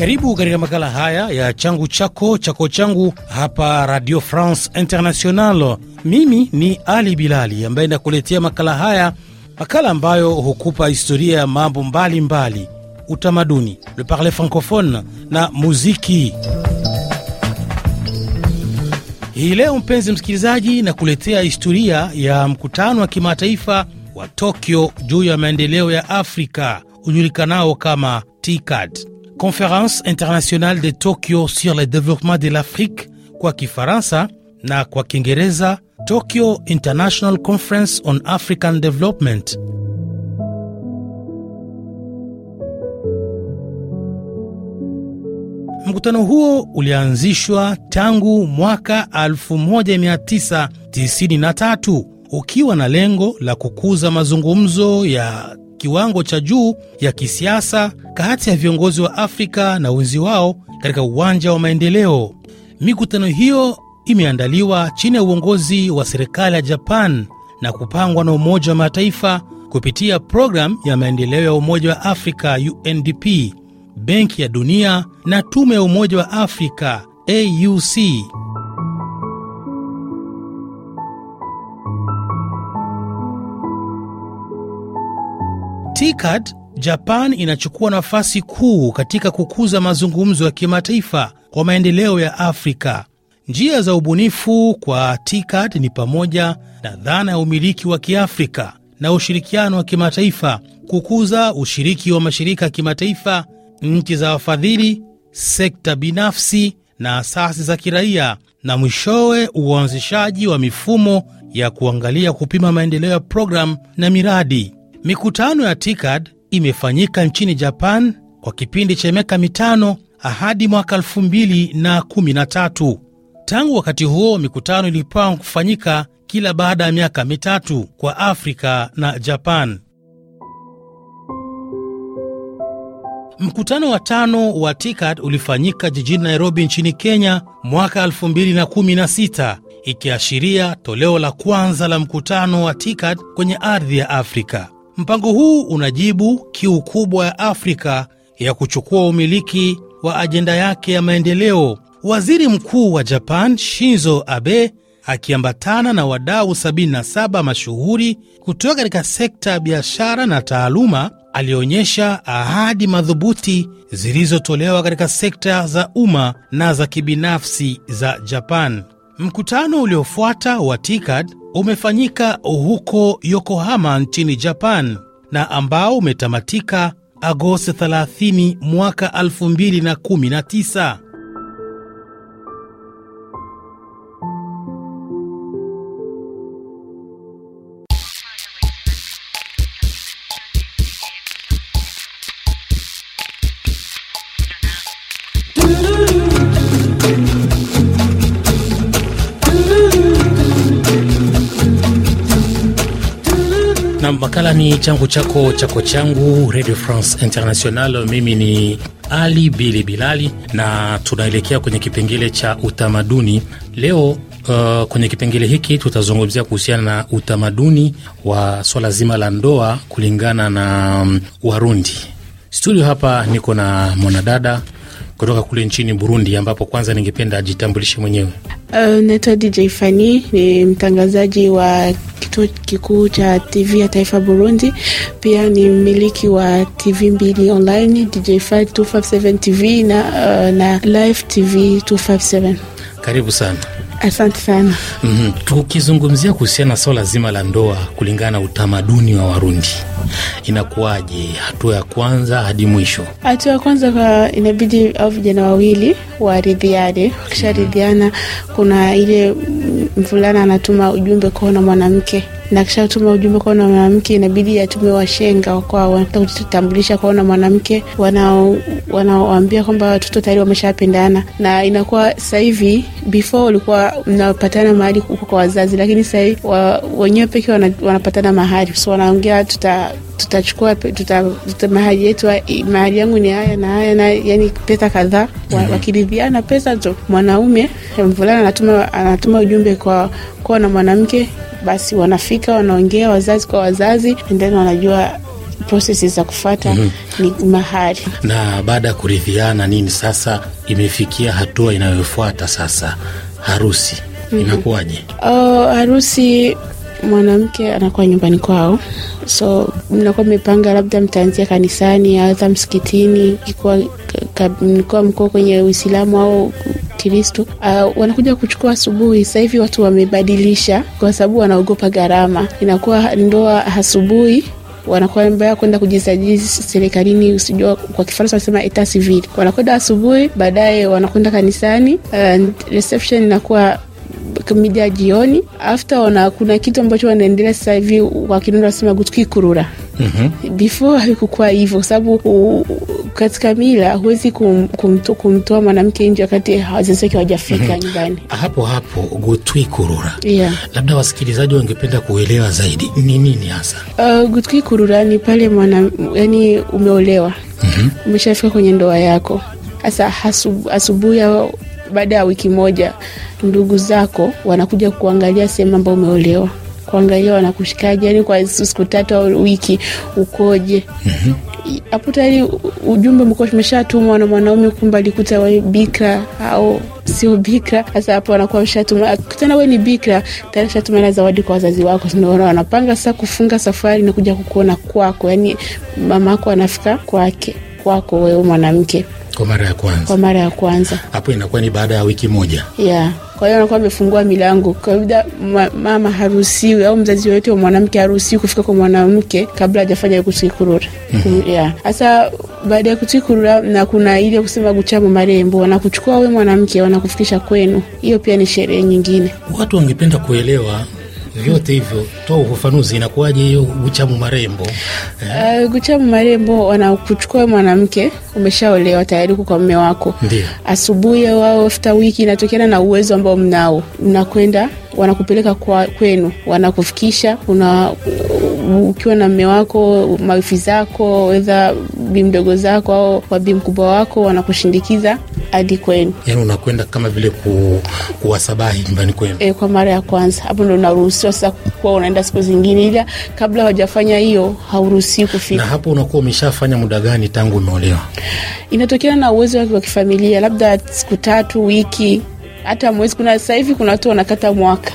Karibu katika makala haya ya changu chako chako changu hapa Radio France International. Mimi ni Ali Bilali ambaye nakuletea makala haya, makala ambayo hukupa historia ya mambo mbalimbali, utamaduni, le parler francophone na muziki. Hii leo mpenzi msikilizaji, na kuletea historia ya mkutano wa kimataifa wa Tokyo juu ya maendeleo ya Afrika ujulikanao kama TICAD. Conférence internationale de Tokyo sur le développement de l'Afrique kwa Kifaransa na kwa Kiingereza Tokyo International Conference on African Development. Mkutano huo ulianzishwa tangu mwaka 1993 ukiwa na lengo la kukuza mazungumzo ya kiwango cha juu ya kisiasa kati ya viongozi wa Afrika na wenzi wao katika uwanja wa maendeleo. Mikutano hiyo imeandaliwa chini ya uongozi wa serikali ya Japan na kupangwa na Umoja wa Mataifa kupitia programu ya maendeleo ya Umoja wa Afrika UNDP, Benki ya Dunia na Tume ya Umoja wa Afrika AUC. ICAD, Japan inachukua nafasi kuu katika kukuza mazungumzo ya kimataifa kwa maendeleo ya Afrika. Njia za ubunifu kwa TICAD ni pamoja na dhana ya umiliki wa Kiafrika na ushirikiano wa kimataifa, kukuza ushiriki wa mashirika ya kimataifa, nchi za wafadhili, sekta binafsi na asasi za kiraia, na mwishowe uanzishaji wa mifumo ya kuangalia, kupima maendeleo ya programu na miradi. Mikutano ya TICAD imefanyika nchini Japan kwa kipindi cha miaka mitano hadi mwaka 213 Tangu wakati huo mikutano ilipangwa kufanyika kila baada ya miaka mitatu kwa Afrika na Japan. Mkutano wa tano wa TICAD ulifanyika jijini Nairobi nchini Kenya mwaka 2016, ikiashiria toleo la kwanza la mkutano wa TICAD kwenye ardhi ya Afrika. Mpango huu unajibu kiu kubwa ya Afrika ya kuchukua umiliki wa ajenda yake ya maendeleo. Waziri Mkuu wa Japan Shinzo Abe akiambatana na wadau 77 mashuhuri kutoka katika sekta ya biashara na taaluma alionyesha ahadi madhubuti zilizotolewa katika sekta za umma na za kibinafsi za Japan. Mkutano uliofuata wa TICAD umefanyika huko Yokohama nchini Japan na ambao umetamatika Agosti 30 mwaka 2019. Makala ni changu chako chako changu, Radio France International. Mimi ni Ali Bili Bilali na tunaelekea kwenye kipengele cha utamaduni leo. Uh, kwenye kipengele hiki tutazungumzia kuhusiana na utamaduni wa swala zima la ndoa kulingana na um, Warundi. Studio hapa niko na mwanadada kutoka kule nchini Burundi, ambapo kwanza ningependa ajitambulishe mwenyewe. Uh, naitwa DJ Fani, ni mtangazaji wa kituo kikuu cha TV ya taifa Burundi. Pia ni mmiliki wa TV mbili online, DJ Fani 257 TV na, uh, na Live TV 257. Karibu sana. Asante sana. Mm -hmm. Tukizungumzia kuhusiana na swala zima la ndoa kulingana na utamaduni wa Warundi inakuwaje hatua ya kwanza hadi mwisho? Hatua ya kwanza kwa, inabidi au vijana wawili waridhiane. Wakisharidhiana, kuna ile mvulana anatuma ujumbe kwaona mwanamke na kisha tuma ujumbe kwaona mwanamke, inabidi atume washenga kwa wanataka kujitambulisha kwaona mwanamke, wanawaambia kwamba watoto tayari wameshapendana. Na inakuwa sasa hivi, before ulikuwa mnapatana mahali huko kwa wazazi, lakini sasa hivi wenyewe pekee wanapatana mahali, so wanaongea tuta tutachukua tuta, tuta mahali yetu mahali yangu ni haya na haya na yani pesa kadhaa mhm. wakiridhiana pesa tu, mwanaume mvulana anatuma anatuma ujumbe kwa kwa na mwanamke, basi wanafika wanaongea wazazi kwa wazazi, ndani wanajua prosesi za kufata mm -hmm. ni mahali Na baada ya kuridhiana nini, sasa imefikia hatua inayofuata sasa, harusi mm -hmm. inakuwaje? Oh, harusi mwanamke anakuwa nyumbani kwao, so mnakuwa mmepanga labda mtaanzia kanisani hata msikitini, mlikuwa mkuo kwenye Uislamu au kristu Uh, wanakuja kuchukua asubuhi. sahivi hivi watu wamebadilisha, kwa sababu wanaogopa gharama. Inakuwa ndoa asubuhi mbaya kwenda kujisajili serikalini, usijua kwa Kifaransa wanasema etat civil. Wanakwenda asubuhi, baadaye wanakwenda kanisani. Uh, reception inakuwa mida ya jioni after ona, kuna kitu ambacho wanaendelea sasa hivi kwa wasema kutukikurura gutwikurura. mm -hmm. Before haikukuwa hivyo, kwa sababu katika mila huwezi kum, kumto, kumtoa mwanamke nje wakati wazazi wake hawajafika mm -hmm. nyumbani. Hapo hapo gutwikurura, yeah. Labda wasikilizaji wangependa kuelewa zaidi ni nini hasa uh, gutwikurura ni pale mwana, yani umeolewa mm -hmm. umeshafika kwenye ndoa yako sasa asubuhi baada ya wiki moja ndugu zako wanakuja kuangalia sehemu ambayo umeolewa kuangalia wanakushikaje, yani kwa siku tatu au wiki ukoje. Mhm. hapo mm-hmm. tayari ujumbe meshatumwa na mwanaume, kumba alikuta wewe bikra au sio bikra. Sasa hapo wanakuwa ameshatuma, akikutana wewe ni bikra tayari shatuma na zawadi kwa wazazi wako, ndio wanapanga sasa kufunga safari na kuja kukuona kwako, yani mama ako anafika kwake kwako wewe mwanamke kwa mara ya kwanza. Kwa mara ya kwanza hapo inakuwa ni baada ya wiki moja yeah. Kwa hiyo anakuwa amefungua milango kawaida. Ma, mama haruhusiwi au mzazi yoyote wa mwanamke haruhusiwi kufika kwa mwanamke kabla hajafanya ekutikurura mm hasa -hmm. Baada ya kutikurura na kuna ile kusema guchamo marembo, wanakuchukua we mwanamke wanakufikisha kwenu. Hiyo pia ni sherehe nyingine. Watu wangependa kuelewa vyote hivyo, toa ufafanuzi, inakuwaje hiyo guchamu marembo? Uh, eh, guchamu marembo wanakuchukua mwanamke, umeshaolewa tayari, kwa mume wako, ndio asubuhi au after wiki, inatokana na uwezo ambao mnao, mnakwenda wanakupeleka kwa kwenu, wanakufikisha una ukiwa na mme wako, mawifi zako, wedha bi mdogo zako au wabi mkubwa wako, wanakushindikiza hadi kwenu. Yani unakwenda kama vile ku, kuwasabahi nyumbani kwenu e, kwa mara ya kwanza. Hapo ndo unaruhusiwa sasa kuwa unaenda siku zingine, ila kabla hawajafanya hiyo hauruhusiwi kufika. Na hapo unakuwa umeshafanya muda gani tangu umeolewa? Inatokana na uwezo wake wa kifamilia, labda siku tatu, wiki, hata mwezi. Kuna sasa hivi kuna watu wanakata mwaka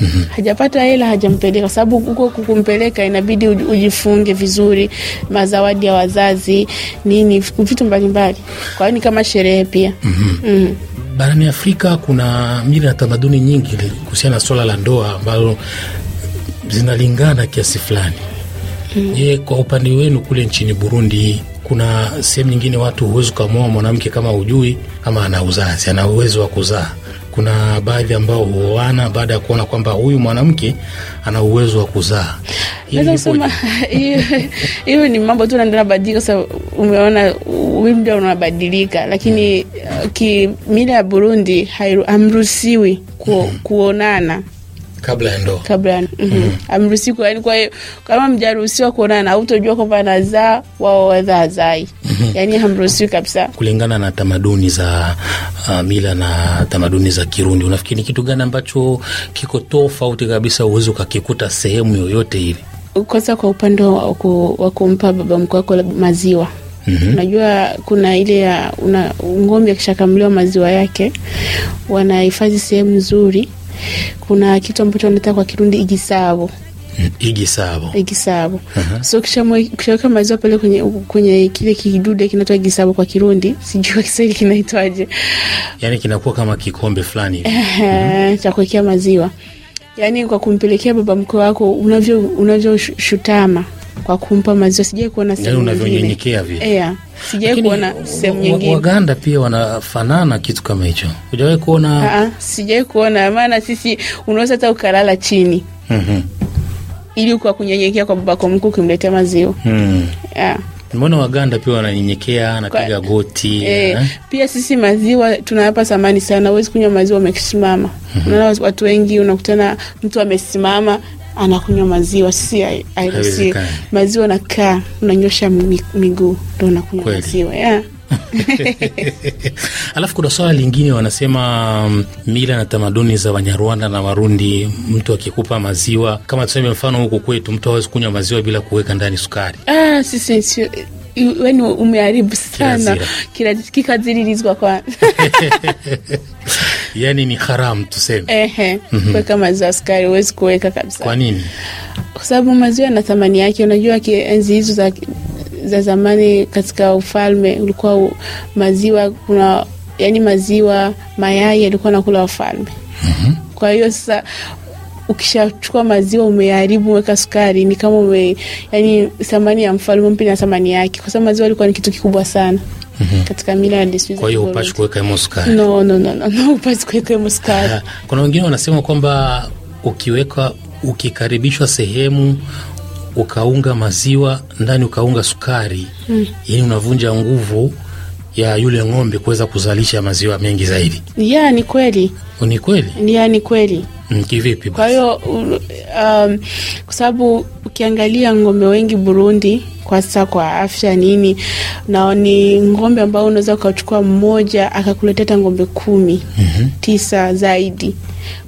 Mm -hmm. Hajapata hela, hajampeleka sababu huko kukumpeleka inabidi ujifunge vizuri, mazawadi ya wazazi nini, vitu mbalimbali. Kwa hiyo ni kama sherehe pia. mm -hmm. Mm Barani Afrika kuna mila na tamaduni nyingi kuhusiana na swala la ndoa ambalo zinalingana kiasi fulani. Mm. Je, mm. kwa upande wenu kule nchini Burundi kuna sehemu nyingine watu huwezi ukamwoa mwanamke kama hujui kama ana uzazi ana uwezo wa kuzaa kuna baadhi ambao huoana baada ya kuona kwamba huyu mwanamke ana uwezo wa kuzaa. Hiyo ni mambo tu naendelea badilika. Sasa umeona wimda unabadilika, lakini hmm. uh, kimila ya Burundi haiamruhusiwi ku, hmm. kuonana kabla ya ndoa, kabla ya mhm. mhm. amruhusiwa. Yani kwa hiyo kama mjaruhusiwa kuonana, hutojua kwamba anazaa wao -hmm. yani hamruhusiwi kabisa, kulingana na tamaduni za uh, mila na tamaduni za Kirundi. Unafikiri kitu gani ambacho kiko tofauti kabisa, uwezi ukakikuta sehemu yoyote ile? Kwanza kwa upande wa kumpa baba mkwe wako maziwa Mm -hmm. Unajua kuna ile ya ng'ombe akishakamuliwa maziwa yake wanahifadhi sehemu nzuri kuna kitu ambacho wanaita kwa Kirundi igisabo igisabo igisabo. uh-huh. So kishaweka maziwa pale kwenye, kwenye kile kidude kinaitwa igisabo kwa Kirundi, sijui kwa Kiswahili kinaitwaje, yani kinakuwa kama kikombe fulani mhm. cha kuwekea maziwa, yani kwa kumpelekea baba mkwe wako unavyoshutama unavyo kwa kumpa maziwa. Sijai kuona yaani sehemu unavyonyenyekea vile, yeah. Sijai kuona sehemu nyingine. Waganda pia wanafanana kitu kama hicho, hujawai kuona? Sijai kuona, maana sisi unaweza hata ukalala chini mm-hmm. ili kwa kunyenyekea kwa babako mkuu ukimletea maziwa mm. yeah. Mbona Waganda pia wananyenyekea, anapiga goti e, eh, pia sisi maziwa tunayapa thamani sana. Huwezi kunywa maziwa umesimama. Mhm. Unaona, mm -hmm. watu wengi unakutana mtu amesimama anakunywa maziwa, sisi hairuhusiwi. Maziwa nakaa unanyosha miguu ndo unakunywa maziwa yeah. Alafu kuna swala lingine wanasema mm, mila na tamaduni za Wanyarwanda na Warundi, mtu akikupa maziwa, kama tuseme mfano huku kwetu, mtu hawezi kunywa maziwa bila kuweka ndani sukari. Ah, sisi sio Weni yaani umeharibu sana kikadhiririzwa kwa yani ni haram tuseme. Ehe, mm-hmm. Kuweka maziwa sukari huwezi kuweka kabisa. Kwa nini? Kwa sababu maziwa yana thamani yake. Unajua enzi hizo za, za zamani katika ufalme ulikuwa maziwa kuna yani maziwa mayai yalikuwa nakula wafalme. mm-hmm. Kwa hiyo sasa ukishachukua maziwa umeharibu, weka sukari ni kama ume, yani thamani ya mfalme mpi na thamani yake, kwa sababu maziwa alikuwa ni kitu kikubwa sana hmm Katika mila ya desturi. Kwa hiyo hupaswi kuweka hemo sukari? No, no, no, no, no hupaswi kuweka hemo sukari. Kuna wengine wanasema kwamba ukiweka ukikaribishwa sehemu ukaunga maziwa ndani ukaunga sukari mm. Yani unavunja nguvu ya yule ng'ombe kuweza kuzalisha maziwa mengi zaidi. Ya, ni kweli. Ni kweli? Ya, ni kweli. Mm, kivipi? Kwa hiyo um, kwa sababu ukiangalia ng'ombe wengi Burundi kwa sasa kwa afya nini, na ni ng'ombe ambao unaweza ukachukua mmoja akakuletea hata ng'ombe kumi mm -hmm. tisa zaidi.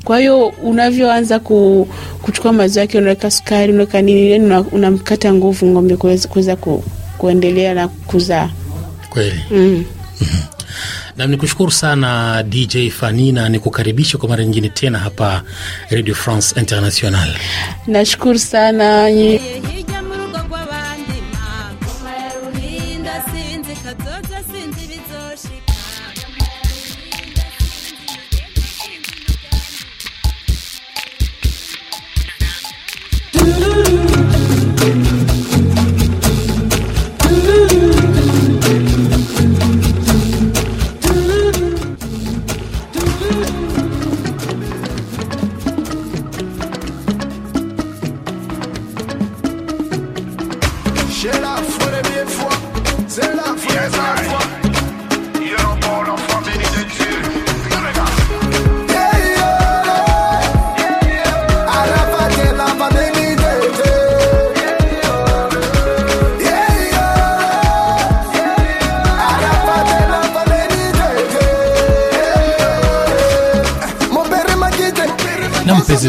Kwa hiyo unavyoanza ku, kuchukua maziwa yake, unaweka sukari, unaweka nini, unamkata una nguvu ng'ombe kuweza ku, kuendelea na kuzaa kweli mm. Mhm na ni kushukuru sana DJ Fanina, ni kukaribisha kwa mara nyingine tena hapa Radio France International. Nashukuru sana.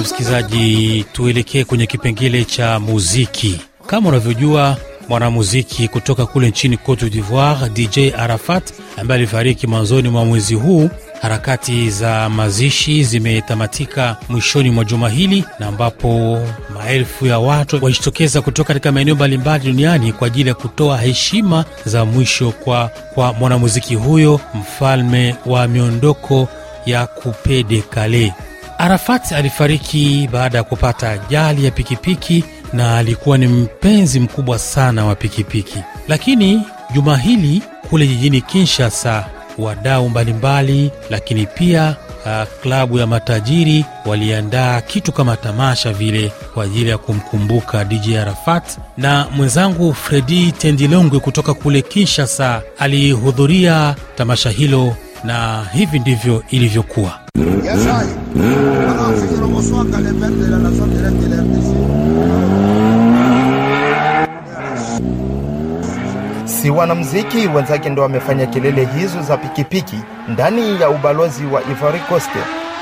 msikilizaji, tuelekee kwenye kipengele cha muziki. Kama unavyojua mwanamuziki kutoka kule nchini Cote d'Ivoire, DJ Arafat ambaye alifariki mwanzoni mwa mwezi huu. Harakati za mazishi zimetamatika mwishoni mwa juma hili, na ambapo maelfu ya watu walijitokeza kutoka katika maeneo mbalimbali duniani kwa ajili ya kutoa heshima za mwisho kwa, kwa mwanamuziki huyo mfalme wa miondoko ya kupede kale Arafat alifariki baada ya kupata ajali ya pikipiki na alikuwa ni mpenzi mkubwa sana wa pikipiki. Lakini juma hili kule jijini Kinshasa, wadau mbalimbali, lakini pia ah, klabu ya matajiri waliandaa kitu kama tamasha vile kwa ajili ya kumkumbuka DJ Arafat, na mwenzangu Fredi Tendilongwe kutoka kule Kinshasa alihudhuria tamasha hilo na hivi ndivyo ilivyokuwa. Si wanamuziki wenzake ndo wamefanya kelele hizo za pikipiki ndani ya ubalozi wa Ivory Coast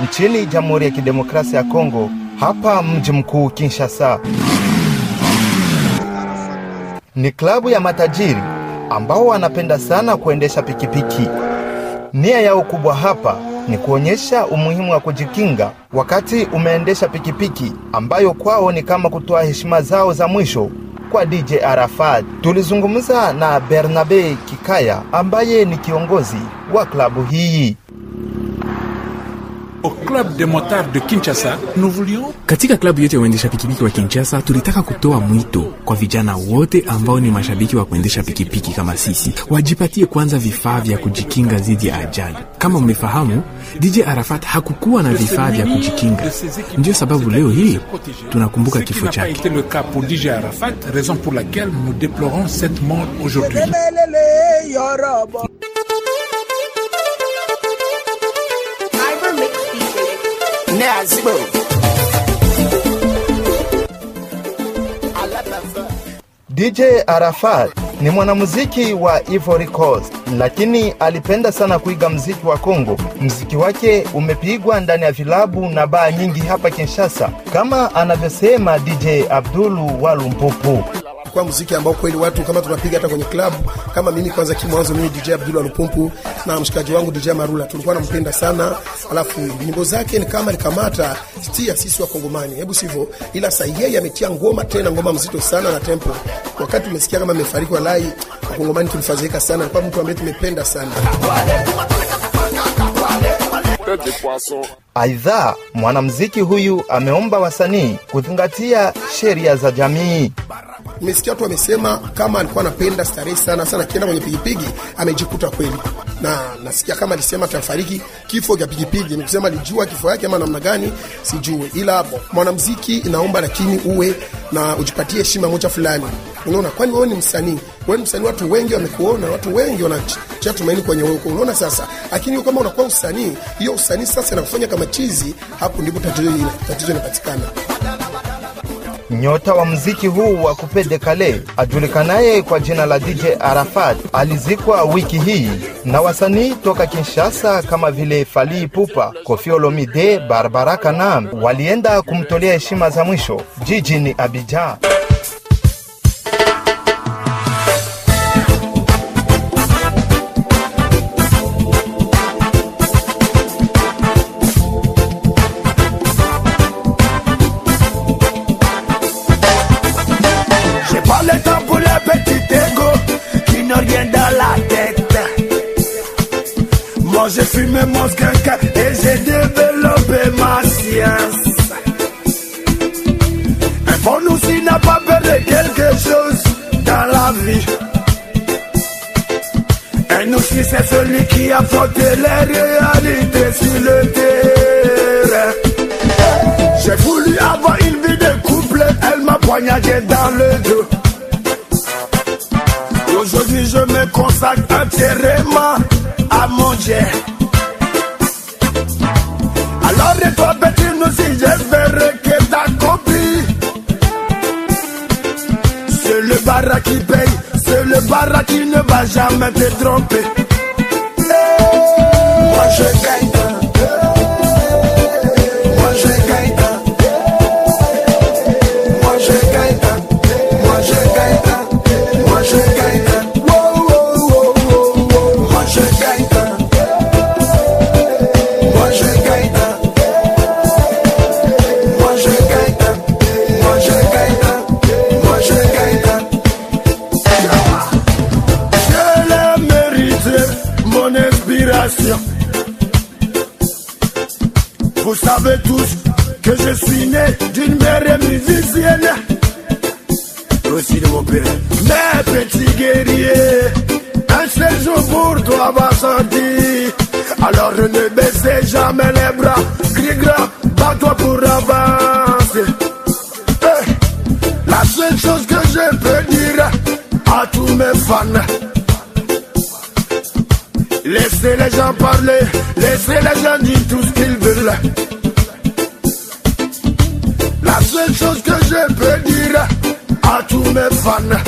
nchini Jamhuri ya Kidemokrasia ya Kongo, hapa mji mkuu Kinshasa. Ni klabu ya matajiri ambao wanapenda sana kuendesha pikipiki. Nia yao kubwa hapa ni kuonyesha umuhimu wa kujikinga wakati umeendesha pikipiki, ambayo kwao ni kama kutoa heshima zao za mwisho kwa DJ Arafat. Tulizungumza na Bernabe Kikaya ambaye ni kiongozi wa klabu hii au club de motards de Kinshasa. Nous voulions katika klabu yote ya waendesha pikipiki wa Kinshasa, tulitaka kutoa mwito kwa vijana wote ambao ni mashabiki wa kuendesha pikipiki kama sisi, wajipatie kwanza vifaa vya kujikinga dhidi ya ajali. Kama umefahamu, DJ Arafat hakukuwa na vifaa vya kujikinga, ndio sababu leo hii tunakumbuka kifo chake. azigbo. DJ Arafat ni mwanamuziki wa Ivory Coast, lakini alipenda sana kuiga mziki wa Kongo. Mziki wake umepigwa ndani ya vilabu na baa nyingi hapa Kinshasa, kama anavyosema DJ Abdulu Walumpupu kuchukua muziki ambao kweli watu kama tunapiga hata kwenye club kama mimi. Kwanza kimwanzo, mimi DJ Abdul Alupumpu na mshikaji wangu DJ Marula tulikuwa nampenda sana, alafu nyimbo zake ni kama nikamata stia sisi wa Kongomani, hebu sivyo, ila sasa yeye ametia ngoma tena, ngoma mzito sana na tempo. Wakati umesikia kama amefariki, walai wa Kongomani tulifadhaika sana kwa mtu ambaye tumependa sana. Aidha, mwanamuziki huyu ameomba wasanii kuzingatia sheria za jamii. Nimesikia watu wamesema kama alikuwa anapenda starehe sana sana, akienda kwenye pigipigi amejikuta kweli, na nasikia kama alisema atafariki kifo cha Ni kusema alijua kifo yake ama namna gani sijui, ila mwanamuziki inaomba lakini uwe na ujipatie heshima moja fulani, unaona, kwani wewe ni msanii, wewe ni msanii, watu wengi wamekuona, watu wengi wanatia tumaini kwenye wewe, unaona sasa. Lakini kama unakuwa usanii, hiyo usanii sasa inakufanya kama chizi, hapo ndipo tatizo linapatikana. Nyota wa mziki huu wa kupede kale ajulikanaye kwa jina la DJ Arafat alizikwa wiki hii na wasanii toka Kinshasa kama vile falii pupa Koffi Olomide, Barbara Kanam walienda kumtolea heshima za mwisho jijini Abidjan. j'ai fumé mon skunk et j'ai développé ma science. Un bon aussi n'a pas perdu quelque chose dans la vie. Un aussi c'est celui qui a frotté les réalités sur le terrain. J'ai voulu avoir une vie de couple, elle m'a poignardé dans le dos. Aujourd'hui je me consacre entièrement alors pamoja. Alore nous aussi, j'espère que t'as compris. C'est le bara qui paye, c'est le bara qui ne va jamais te tromper. Vous savez tous que je suis né d'une mère musicienne. Aussi de mon père. Mais petit guerrier, un seul jour pour toi va sortir. Alors ne baissez jamais les bras. Crie grand, toi pour avancer. Eh, la seule chose que je peux dire à tous mes fans. Laissez les gens parler, laissez les gens dire tout ce qu'ils veulent. La seule chose que je peux dire à tous mes fans,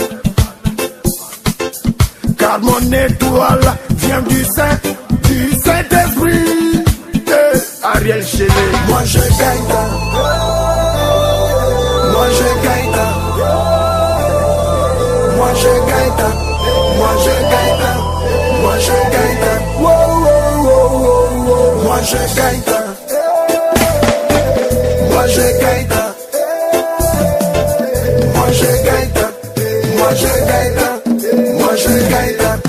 car mon étoile vient du Saint, du Saint-Esprit, de Ariel Chélet. Moi je gagne moi je gagne moi je gagne moi je gagne moi je gagne moi j'ai Moi j'ai Moi j'ai Moi je Moi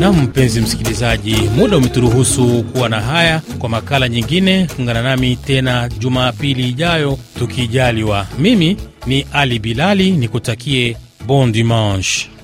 Na mpenzi msikilizaji, muda umeturuhusu kuwa na haya. Kwa makala nyingine, ungana nami tena Jumapili ijayo tukijaliwa. Mimi ni Ali Bilali, nikutakie bon dimanche.